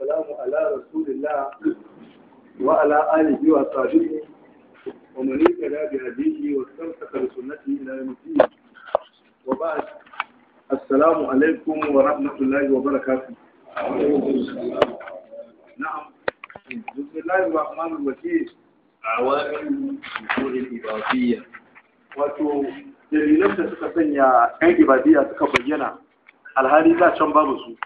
والسلام على رسول الله وعلى آله وصحبه ومن اهتدى بهديه واستمسك بسنته الى يوم الدين وبعد السلام عليكم ورحمه الله وبركاته نعم بسم الله الرحمن الرحيم عوامل الأصول الإضافية wato dalilan da suka sanya 'yan ibadiyya suka bayyana alhali za can babu su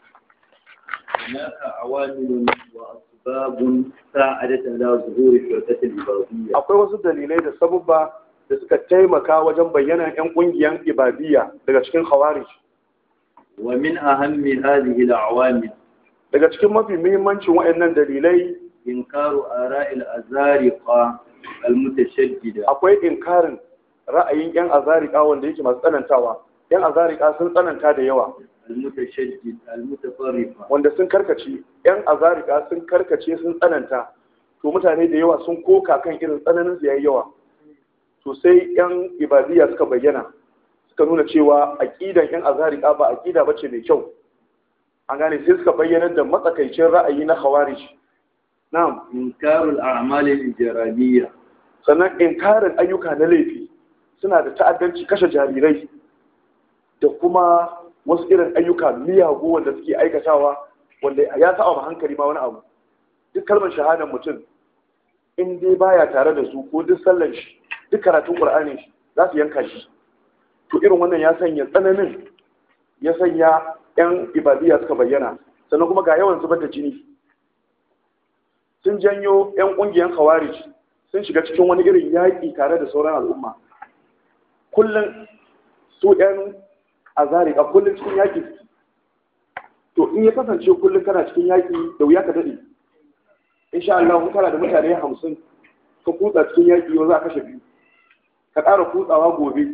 هناك عوامل وأسباب ساعدت على ظهور الفرقة الإبادية أقول وسط دليلي ده سبب da suka taimaka wajen bayyana 'yan ƙungiyar ibadiyya daga cikin khawarij wa min ahammi hadhihi da awamil daga cikin mafi muhimmancin waɗannan dalilai in inkaru ara'il azariqa al-mutashaddida akwai inkarin ra'ayin 'yan Zariƙa wanda yake masu tsanantawa 'yan Zariƙa sun tsananta da yawa wanda sun karkace yan azarika sun karkace sun tsananta to mutane da yawa sun koka kan irin tsananin su yawa to sai yan ibadiyya suka bayyana suka nuna cewa aqidan yan azarika ba aqida bace mai kyau an gane sai suka bayyana da matsakaicin ra'ayi na khawarij na'am inkarul a'mal al sannan inkarin ayyuka na laifi suna da ta'addanci kashe jarirai da kuma wasu irin ayyuka miyagu wanda suke aikatawa wanda ya sa ba hankali ma wani abu duk kalmar shahadar mutum in dai baya tare da su ko duk sallar shi duk karatun qur'ani shi za su yanka shi to irin wannan ya sanya tsananin ya sanya yan ibadiyya suka bayyana sannan kuma ga yawan zubar da jini sun janyo yan ƙungiyar khawarij sun shiga cikin wani irin yaƙi tare da sauran al'umma kullum su yan a zare a kullum cikin yaƙi to in ya kasance kullum kana cikin yaƙi da wuya ka daɗe insha Allah kun kana da mutane hamsin ka kutsa cikin yaƙi yau za a kashe biyu ka ƙara kutsawa gobe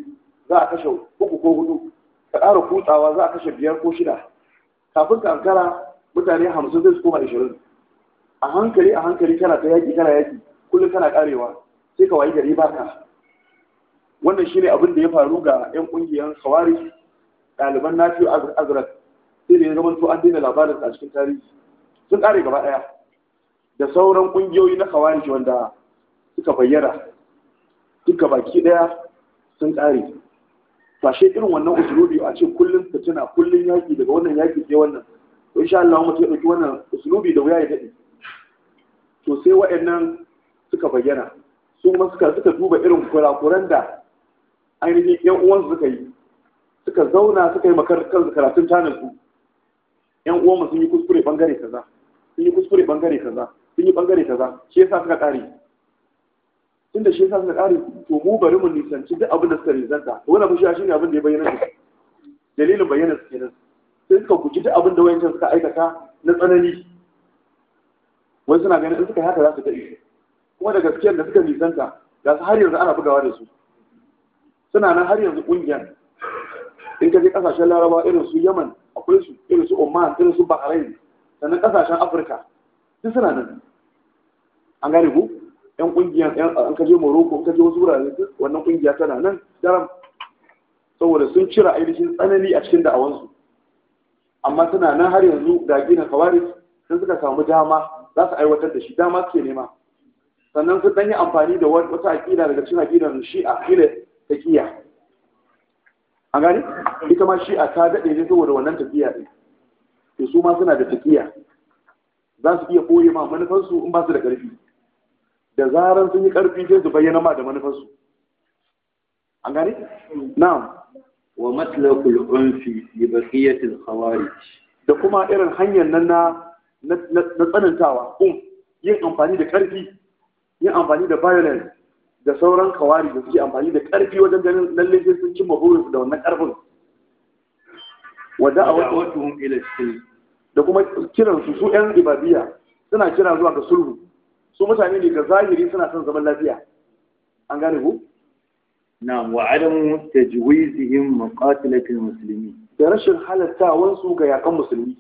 za a kashe uku ko hudu ka ƙara kutsawa za a kashe biyar ko shida kafin ka ankara mutane hamsin zai su koma ashirin a hankali a hankali kana ta yaƙi kana yaƙi kullum kana ƙarewa sai ka wayi gari baka wannan shine abin da ya faru ga 'yan ƙungiyar kawari ɗaliban nafi azrak sai da ya zama to an daina labarin a cikin tarihi sun ƙare gaba ɗaya da sauran ƙungiyoyi na shi wanda suka bayyana duka baki ɗaya sun ƙare fashe irin wannan usulubi a ce kullum fitina kullum yaƙi daga wannan yaƙi sai wannan to insha Allah mu ya ɗauki wannan usulubi da wuya ya daɗe to sai waɗannan suka bayyana su kuma suka suka duba irin kurakuran da ainihin ƴan uwansu suka yi suka zauna suka yi makar karatun tanin ku yan uwanmu sun yi kuskure bangare kaza sun yi kuskure bangare kaza sun yi bangare kaza shi yasa suka kare tun da shi yasa suka kare to mu bari mu nisanci duk abin da suka rizanta to wannan shi shine abin da ya bayyana dalilin bayyana su kenan sai suka guji duk abin da wayancan suka aikata na tsanani wai suna ganin in suka yi haka za su daɗe kuma da gaskiyar da suka nisanta ga su har yanzu ana bugawa da su suna nan har yanzu ƙungiyar in ka je kasashen laraba irin su yaman akwai su irin su oman irin su bahrain sannan kasashen afirka duk suna nan an gane ku yan kungiya an ka je morocco an ka je wasu wurare wannan kungiya tana nan daram saboda sun cira ainihin tsanani a cikin da'awansu amma suna nan har yanzu da gina kawaris sun suka samu dama za su aiwatar da shi dama suke nema sannan sun ɗan yi amfani da wata aƙida daga cikin aƙidar shi'a ta ƙiya. a gani ita ma shi a ta daɗe ne saboda wannan tafiya ɗin to su ma suna da tafiya za su iya koye ma manufansu in ba su da ƙarfi da zaran sun yi ƙarfi sai su bayyana ma da manufansu a gani na'am wa matlaqul unfi li baqiyati al-khawarij da kuma irin hanyar nan na na tsanantawa um yin amfani da ƙarfi yin amfani da violence da sauran kawari da suke amfani da ƙarfi wajen ganin lalle sai sun cimma burinsu da wannan ƙarfin wadda a wata ila da kuma kiran su su yan ibabiya suna kira zuwa ga sulhu su mutane ne ga zahiri suna son zaman lafiya an gane ku na'am wa adam tajwizihim maqatilatil muslimin da rashin halatta wansu ga yakan musulmi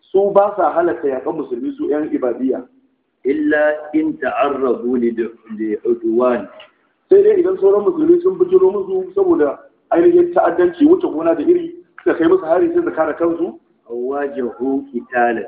su ba sa halatta yakan musulmi su yan ibadiya illa in ta'arrabu li udwan sai dai idan sauran musulmi sun bijiro musu saboda ainihin ta'addanci wuce gona da iri suka kai musu hari sai zakara kare kansu awajahu qitalan